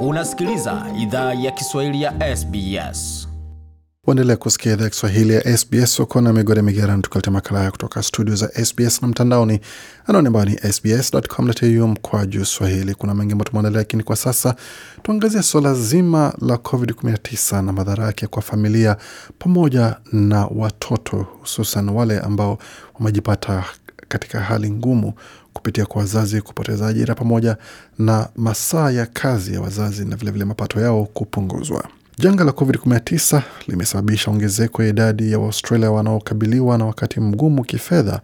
Unasikiliza idhaa ya Kiswahili ya SBS. Uendelea kusikia idhaa ya Kiswahili ya SBS. na migode migerani, tukaleta makala haya kutoka studio za SBS na mtandaoni, anaoni ambayo ni sbs.com.au juu swahili. Kuna mengi ambayo tumeandalia, lakini kwa sasa tuangazia suala zima la COVID-19 na madhara yake kwa familia pamoja na watoto, hususan wale ambao wamejipata katika hali ngumu kupitia kwa wazazi kupoteza ajira pamoja na masaa ya kazi ya wazazi na vilevile mapato yao kupunguzwa. Janga la COVID-19 limesababisha ongezeko ya idadi ya Waustralia wanaokabiliwa na wakati mgumu kifedha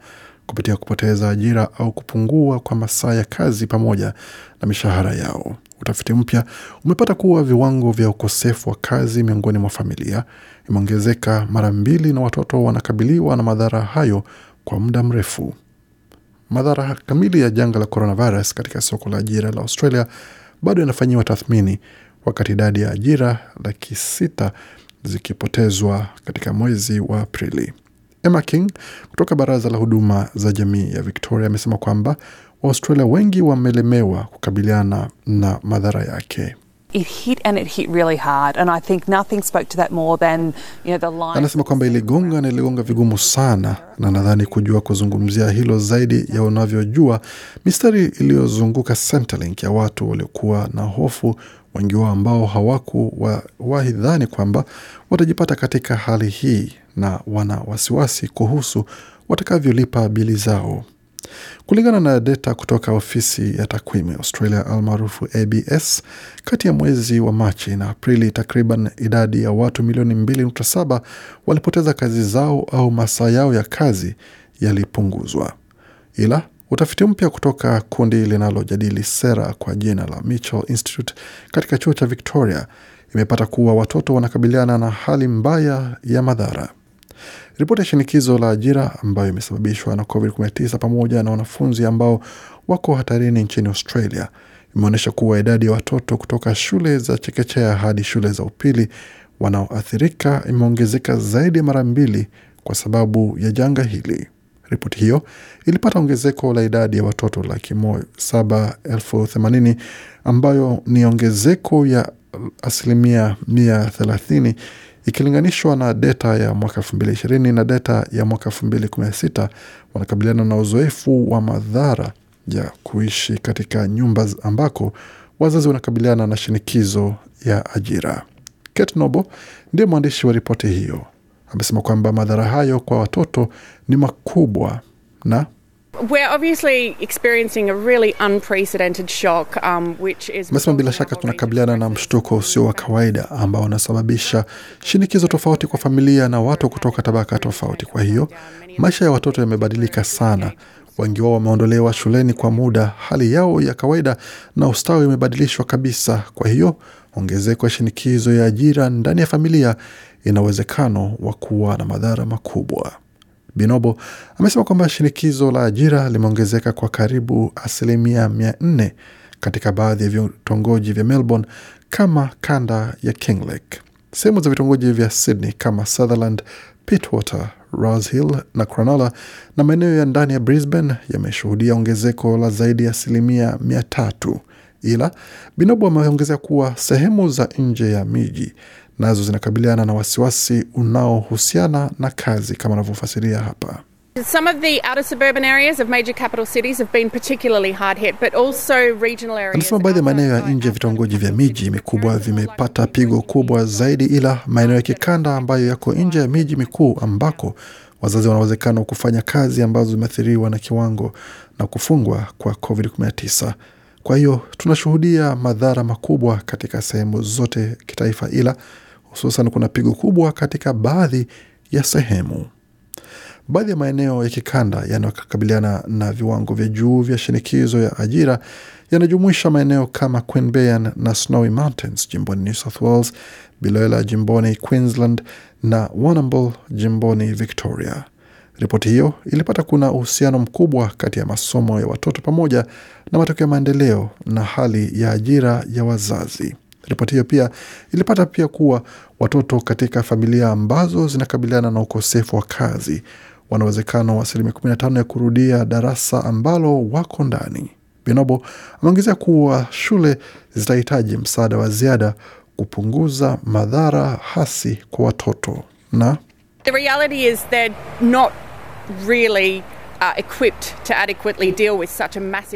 kupitia kupoteza ajira au kupungua kwa masaa ya kazi pamoja na mishahara yao. Utafiti mpya umepata kuwa viwango vya ukosefu wa kazi miongoni mwa familia imeongezeka mara mbili, na watoto wanakabiliwa na madhara hayo kwa muda mrefu madhara kamili ya janga la coronavirus katika soko la ajira la Australia bado yanafanyiwa tathmini, wakati idadi ya ajira laki sita zikipotezwa katika mwezi wa Aprili. Emma King kutoka Baraza la Huduma za Jamii ya Victoria amesema kwamba Waaustralia wengi wamelemewa kukabiliana na madhara yake. Anasema kwamba iligonga na iligonga vigumu sana, na nadhani kujua kuzungumzia hilo zaidi ya unavyojua. Mistari iliyozunguka Centrelink ya watu waliokuwa na hofu, wengi wao ambao hawakuwahi dhani kwamba watajipata katika hali hii, na wana wasiwasi kuhusu watakavyolipa bili zao. Kulingana na data kutoka ofisi ya takwimu ya Australia almaarufu ABS, kati ya mwezi wa Machi na Aprili, takriban idadi ya watu milioni 2.7 walipoteza kazi zao au masaa yao ya kazi yalipunguzwa. Ila utafiti mpya kutoka kundi linalojadili sera kwa jina la Mitchell Institute katika chuo cha Victoria imepata kuwa watoto wanakabiliana na hali mbaya ya madhara. Ripoti ya shinikizo la ajira ambayo imesababishwa na COVID-19 pamoja na wanafunzi ambao wako hatarini nchini Australia imeonyesha kuwa idadi ya watoto kutoka shule za chekechea hadi shule za upili wanaoathirika imeongezeka zaidi ya mara mbili kwa sababu ya janga hili. Ripoti hiyo ilipata ongezeko la idadi ya watoto laki saba elfu themanini ambayo ni ongezeko ya asilimia mia thelathini Ikilinganishwa na deta ya mwaka ishirini na deta ya mwaka sita wanakabiliana na uzoefu wa madhara ya kuishi katika nyumba ambako wazazi wanakabiliana na shinikizo ya ajira. Kate Nobo ndiye mwandishi wa ripoti hiyo, amesema kwamba madhara hayo kwa watoto ni makubwa na Really um, bila shaka tunakabiliana na mshtuko usio wa kawaida ambao unasababisha shinikizo tofauti kwa familia na watu kutoka tabaka tofauti. Kwa hiyo maisha ya watoto yamebadilika sana, wengi wao wameondolewa shuleni kwa muda, hali yao ya kawaida na ustawi imebadilishwa kabisa. Kwa hiyo ongezeko ya shinikizo ya ajira ndani ya familia ina uwezekano wa kuwa na madhara makubwa. Binobo amesema kwamba shinikizo la ajira limeongezeka kwa karibu asilimia mia nne katika baadhi ya vitongoji vya Melbourne kama kanda ya Kinglake. Sehemu za vitongoji vya Sydney kama Sutherland, Pittwater, Rosehill na Cronulla na maeneo ya ndani ya Brisbane yameshuhudia ongezeko la zaidi ya asilimia mia tatu. Ila Binobo ameongezea kuwa sehemu za nje ya miji nazo zinakabiliana na wasiwasi unaohusiana na kazi, kama anavyofasiria hapa. Some of the outer suburban areas of major capital cities have been particularly hard hit, but also regional areas. Anasema baadhi ya maeneo ya nje ya vitongoji vya miji mikubwa vimepata pigo kubwa zaidi, ila maeneo ya kikanda ambayo yako nje ya miji mikuu ambako wazazi wana uwezekano wa kufanya kazi ambazo zimeathiriwa na kiwango na kufungwa kwa COVID-19. Kwa hiyo tunashuhudia madhara makubwa katika sehemu zote kitaifa, ila hususan kuna pigo kubwa katika baadhi ya sehemu. Baadhi ya maeneo ya kikanda yanayokabiliana na viwango vya juu vya shinikizo ya ajira yanajumuisha maeneo kama Queanbeyan na Snowy Mountains jimboni New South Wales, Biloela jimboni Queensland na Warrnambool jimboni Victoria. Ripoti hiyo ilipata kuna uhusiano mkubwa kati ya masomo ya watoto pamoja na matokeo ya maendeleo na hali ya ajira ya wazazi. Ripoti hiyo pia ilipata pia kuwa watoto katika familia ambazo zinakabiliana na ukosefu wa kazi wana uwezekano wa asilimia 15 ya kurudia darasa ambalo wako ndani. Binobo ameongezea kuwa shule zitahitaji msaada wa ziada kupunguza madhara hasi kwa watoto na The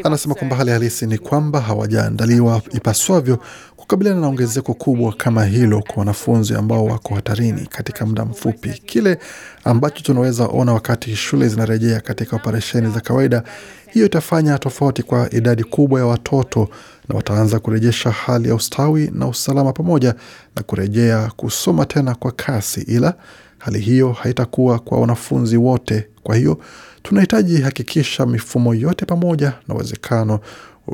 Anasema kwamba hali halisi ni kwamba hawajaandaliwa ipaswavyo kukabiliana na ongezeko kubwa kama hilo kwa wanafunzi ambao wako hatarini katika muda mfupi. Kile ambacho tunaweza ona wakati shule zinarejea katika operesheni za kawaida, hiyo itafanya tofauti kwa idadi kubwa ya watoto, na wataanza kurejesha hali ya ustawi na usalama pamoja na kurejea kusoma tena kwa kasi, ila Hali hiyo haitakuwa kwa wanafunzi wote. Kwa hiyo tunahitaji hakikisha mifumo yote pamoja na uwezekano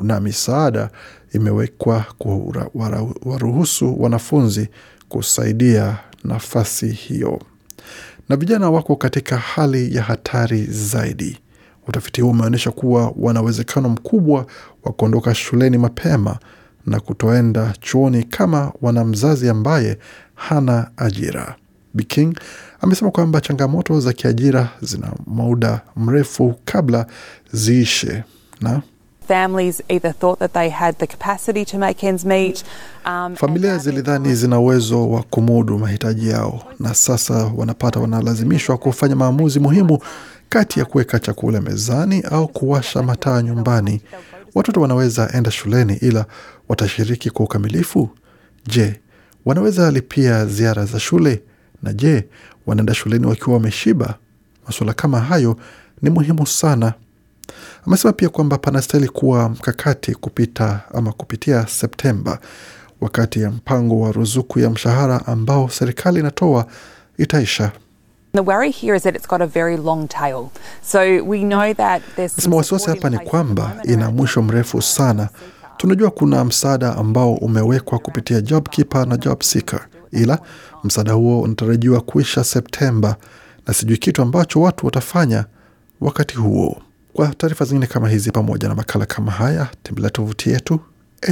na misaada imewekwa kuwaruhusu wanafunzi kusaidia nafasi hiyo, na vijana wako katika hali ya hatari zaidi. Utafiti huu umeonyesha kuwa wana uwezekano mkubwa wa kuondoka shuleni mapema na kutoenda chuoni kama wana mzazi ambaye hana ajira. Biking amesema kwamba changamoto za kiajira zina muda mrefu kabla ziishe na um, familia zilidhani zina uwezo wa kumudu mahitaji yao, na sasa wanapata wanalazimishwa kufanya maamuzi muhimu kati ya kuweka chakula mezani au kuwasha mataa nyumbani. Watoto wanaweza enda shuleni, ila watashiriki kwa ukamilifu? Je, wanaweza lipia ziara za shule? na je, wanaenda shuleni wakiwa wameshiba? Masuala kama hayo ni muhimu sana. Amesema pia kwamba panastahili kuwa mkakati kupita ama kupitia Septemba, wakati ya mpango wa ruzuku ya mshahara ambao serikali inatoa itaisha. Nasema wasiwasi hapa ni kwamba ina mwisho mrefu sana. Tunajua kuna msaada ambao umewekwa kupitia JobKeeper na JobSeeker ila msaada huo unatarajiwa kuisha Septemba na sijui kitu ambacho watu watafanya wakati huo. Kwa taarifa zingine kama hizi pamoja na makala kama haya, tembelea tovuti yetu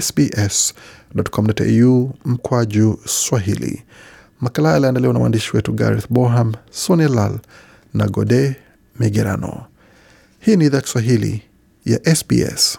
sbs.com.au mkwaju Swahili. Makala haya aliandaliwa na waandishi wetu Gareth Boham, sone Lal na Gode Migerano. Hii ni idhaa Kiswahili ya SBS.